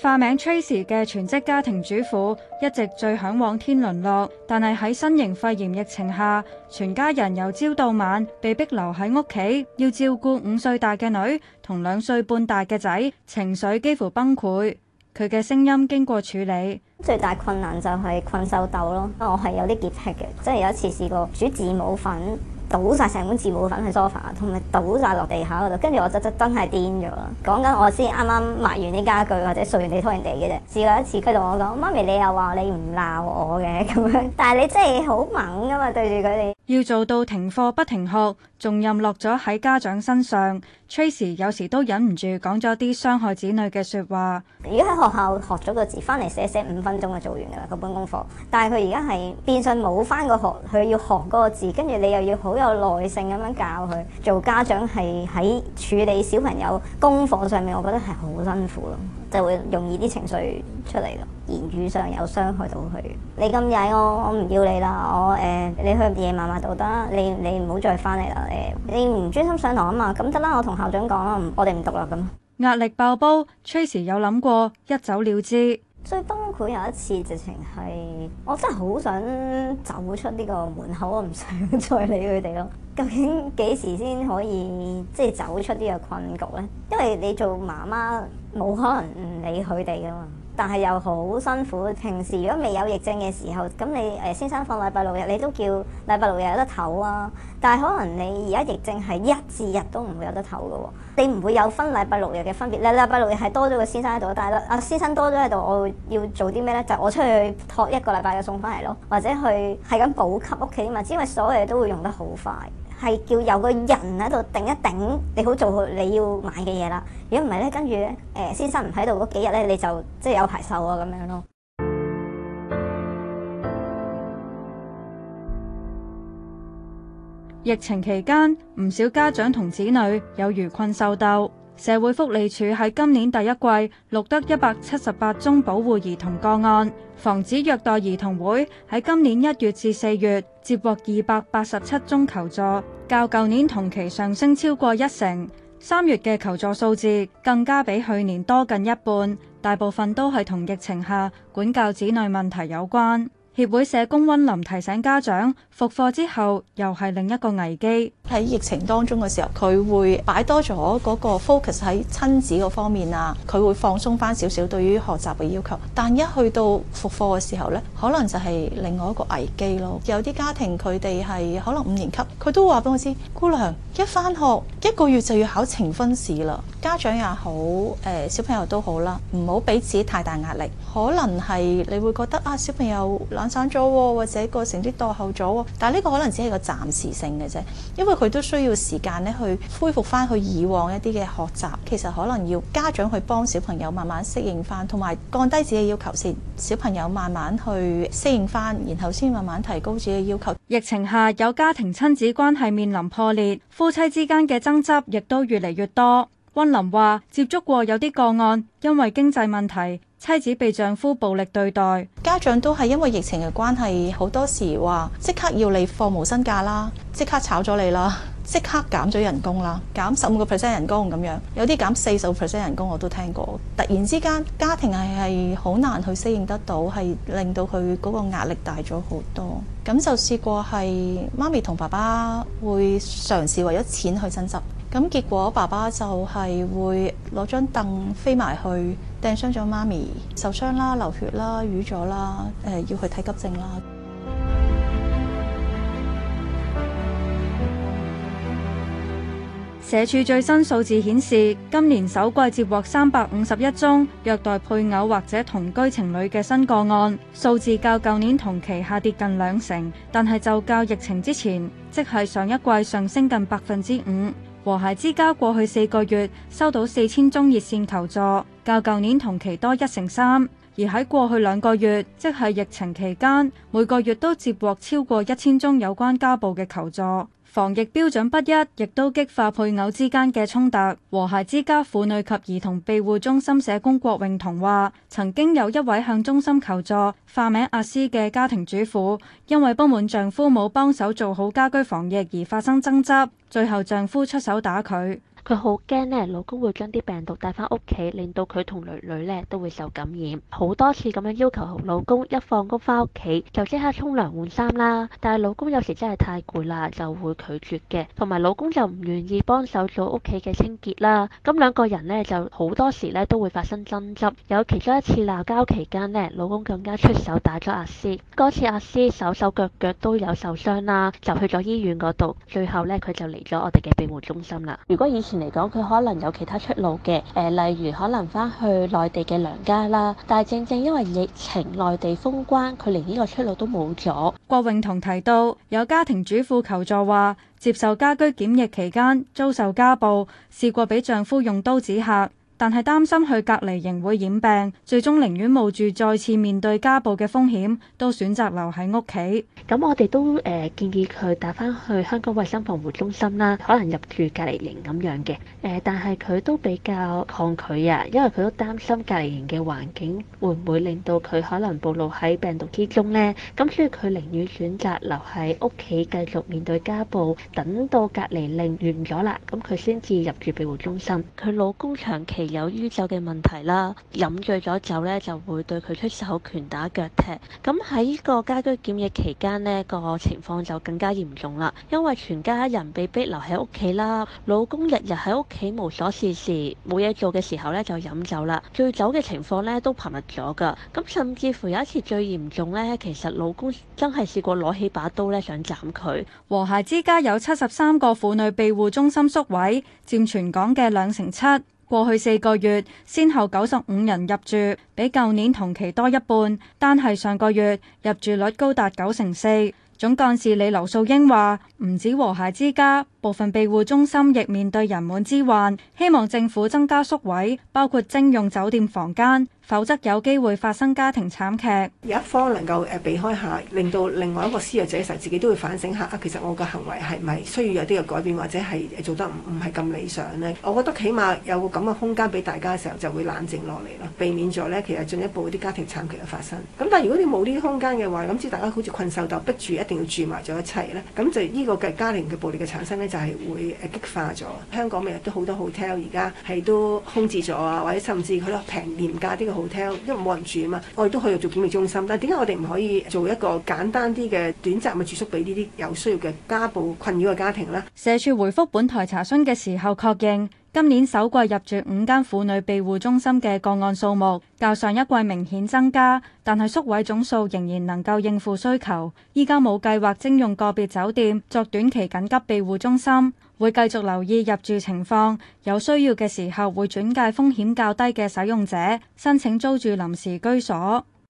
化名崔 r 嘅全職家庭主婦一直最向往天倫樂，但係喺新型肺炎疫情下，全家人由朝到晚被逼留喺屋企，要照顧五歲大嘅女同兩歲半大嘅仔，情緒幾乎崩潰。佢嘅聲音經過處理，最大困難就係困受豆咯。我係有啲潔癖嘅，即係有一次試過煮字母粉。倒晒成碗字母粉去 sofa，同埋倒晒落地下嗰度，跟住我就真真係癲咗啦！講緊我先啱啱抹完啲家具，或者掃完地拖完地嘅啫，試過一次。佢同我講：媽咪你又話你唔鬧我嘅咁樣，但係你真係好猛噶嘛對住佢哋。要做到停課不停學。重任落咗喺家長身上，Tracy 有時都忍唔住講咗啲傷害子女嘅説話。而家喺學校學咗個字，翻嚟寫寫五分鐘就做完噶啦嗰本功課，但係佢而家係變相冇翻個學，佢要學嗰個字，跟住你又要好有耐性咁樣教佢。做家長係喺處理小朋友功課上面，我覺得係好辛苦咯。就會容易啲情緒出嚟咯，言語上有傷害到佢。你咁曳我，我唔要你啦。我誒，你去夜麻麻都得，你你唔好再翻嚟啦。誒，你唔專心上堂啊嘛，咁得啦，我同校長講啦，我哋唔讀啦咁。壓力爆煲，Tracy 有諗過一走了之。所以崩潰有一次，直情係我真係好想走出呢個門口，我唔想再理佢哋咯。究竟幾時先可以即係走出呢個困局呢？因為你做媽媽冇可能唔理佢哋㗎嘛。但係又好辛苦。平時如果未有疫症嘅時候，咁你誒、欸、先生放禮拜六日，你都叫禮拜六日有得唞啊。但係可能你而家疫症係一至日都唔會有得唞嘅喎。你唔會有分禮拜六日嘅分別咧。禮拜六日係多咗個先生喺度，但係咧啊先生多咗喺度，我要做啲咩咧？就是、我出去托一個禮拜嘅送翻嚟咯，或者去係咁補給屋企啊嘛，因為所有嘢都會用得好快。係叫有個人喺度頂一頂，你好做你要買嘅嘢啦。如果唔係咧，跟住咧，誒先生唔喺度嗰幾日咧，你就即係有排受咁樣咯。疫情期間，唔少家長同子女有如困獸鬥。社會福利署喺今年第一季錄得一百七十八宗保護兒童個案。防止虐待兒童會喺今年一月至四月，接獲二百八十七宗求助，較舊年同期上升超過一成。三月嘅求助數字更加比去年多近一半，大部分都係同疫情下管教子女問題有關。協會社工温林提醒家長，復課之後又係另一個危機。喺疫情當中嘅時候，佢會擺多咗嗰個 focus 喺親子個方面啊，佢會放鬆翻少少對於學習嘅要求。但一去到復課嘅時候呢，可能就係另外一個危機咯。有啲家庭佢哋係可能五年級，佢都話俾我知，姑娘一翻學一個月就要考呈分試啦。家長也好，誒小朋友都好啦，唔好俾自己太大壓力。可能係你會覺得啊，小朋友生咗或者過成啲滯後咗，但係呢個可能只係個暫時性嘅啫，因為佢都需要時間咧去恢復翻去以往一啲嘅學習。其實可能要家長去幫小朋友慢慢適應翻，同埋降低自己要求先，小朋友慢慢去適應翻，然後先慢慢提高自己要求。疫情下，有家庭親子關係面臨破裂，夫妻之間嘅爭執亦都越嚟越多。温林話：接觸過有啲個案，因為經濟問題，妻子被丈夫暴力對待。家長都係因為疫情嘅關係，好多時話即刻要你放無薪假啦，即刻炒咗你啦，即刻減咗人工啦，減十五個 percent 人工咁樣，有啲減四十 percent 人工我都聽過。突然之間，家庭係係好難去適應得到，係令到佢嗰個壓力大咗好多。咁就試過係媽咪同爸爸會嘗試為咗錢去爭執。咁結果，爸爸就係會攞張凳飛埋去，掟傷咗媽咪，受傷啦，流血啦，瘀咗啦，誒、呃、要去睇急症啦。社署最新數字顯示，今年首季接獲三百五十一宗虐待配偶或者同居情侶嘅新個案，數字較舊年同期下跌近兩成，但係就較疫情之前，即係上一季上升近百分之五。和諧之家過去四個月收到四千宗熱線求助，較舊年同期多一成三，而喺過去兩個月，即係疫情期間，每個月都接獲超過一千宗有關家暴嘅求助。防疫標準不一，亦都激化配偶之間嘅衝突。和諧之家婦女及兒童庇護中心社工郭永彤話：曾經有一位向中心求助、化名阿絲嘅家庭主婦，因為不滿丈夫冇幫手做好家居防疫而發生爭執，最後丈夫出手打佢。佢好驚咧，老公會將啲病毒帶翻屋企，令到佢同女女咧都會受感染。好多次咁樣要求老公一放工翻屋企，就即刻沖涼換衫啦，但係老公有時真係太攰啦，就會拒絕嘅。同埋老公就唔願意幫手做屋企嘅清潔啦，咁兩個人呢就好多時咧都會發生爭執。有其中一次鬧交期間，呢老公更加出手打咗阿詩。嗰次阿詩手手腳腳都有受傷啦，就去咗醫院嗰度。最後呢，佢就嚟咗我哋嘅庇護中心啦。如果以前。嚟講，佢可能有其他出路嘅，誒，例如可能返去內地嘅娘家啦。但係正正因為疫情，內地封關，佢連呢個出路都冇咗。郭永彤提到，有家庭主婦求助話，接受家居檢疫期間遭受家暴，試過俾丈夫用刀指嚇。但係擔心去隔離營會染病，最終寧願冒住再次面對家暴嘅風險，都選擇留喺屋企。咁我哋都誒、呃、建議佢打翻去香港衛生防護中心啦，可能入住隔離營咁樣嘅。誒、呃，但係佢都比較抗拒啊，因為佢都擔心隔離營嘅環境會唔會令到佢可能暴露喺病毒之中呢。咁所以佢寧願選擇留喺屋企繼續面對家暴，等到隔離令完咗啦，咁佢先至入住庇護中心。佢老公長期。有酗酒嘅問題啦，飲醉咗酒呢就會對佢出手拳打腳踢。咁喺呢個家居檢疫期間呢，個情況就更加嚴重啦，因為全家人被逼留喺屋企啦，老公日日喺屋企無所事事，冇嘢做嘅時候呢就飲酒啦，醉酒嘅情況呢都頻密咗噶。咁甚至乎有一次最嚴重呢，其實老公真係試過攞起把刀呢，想斬佢。和諧之家有七十三個婦女庇護中心宿位，佔全港嘅兩成七。過去四個月，先後九十五人入住，比舊年同期多一半。單係上個月，入住率高達九成四。總幹事李劉素英話，唔止和諧之家，部分庇護中心亦面對人滿之患。希望政府增加宿位，包括徵用酒店房間。否則有機會發生家庭慘劇，有一方能夠誒避開下，令到另外一個施虐者嘅時候，自己都會反省下啊，其實我嘅行為係咪需要有啲嘅改變，或者係做得唔唔係咁理想咧？我覺得起碼有個咁嘅空間俾大家嘅時候，就會冷靜落嚟咯，避免咗咧，其實進一步啲家庭慘劇嘅發生。咁但係如果你冇呢啲空間嘅話，咁知大家好似困獸鬥，逼住一定要住埋咗一齊咧，咁就呢個嘅家庭嘅暴力嘅產生咧，就係會誒激化咗。香港咪都好多 hotel 而家係都空置咗啊，或者甚至佢都平廉價啲嘅。因 o 冇人住啊嘛，我哋都可以做檢疫中心，但係點解我哋唔可以做一個簡單啲嘅短暫嘅住宿俾呢啲有需要嘅家暴困擾嘅家庭呢？社署回覆本台查詢嘅時候，確認。今年首季入住五間婦女庇護中心嘅個案數目較上一季明顯增加，但係宿位總數仍然能夠應付需求。依家冇計劃徵用個別酒店作短期緊急庇護中心，會繼續留意入住情況，有需要嘅時候會轉介風險較低嘅使用者申請租住臨時居所。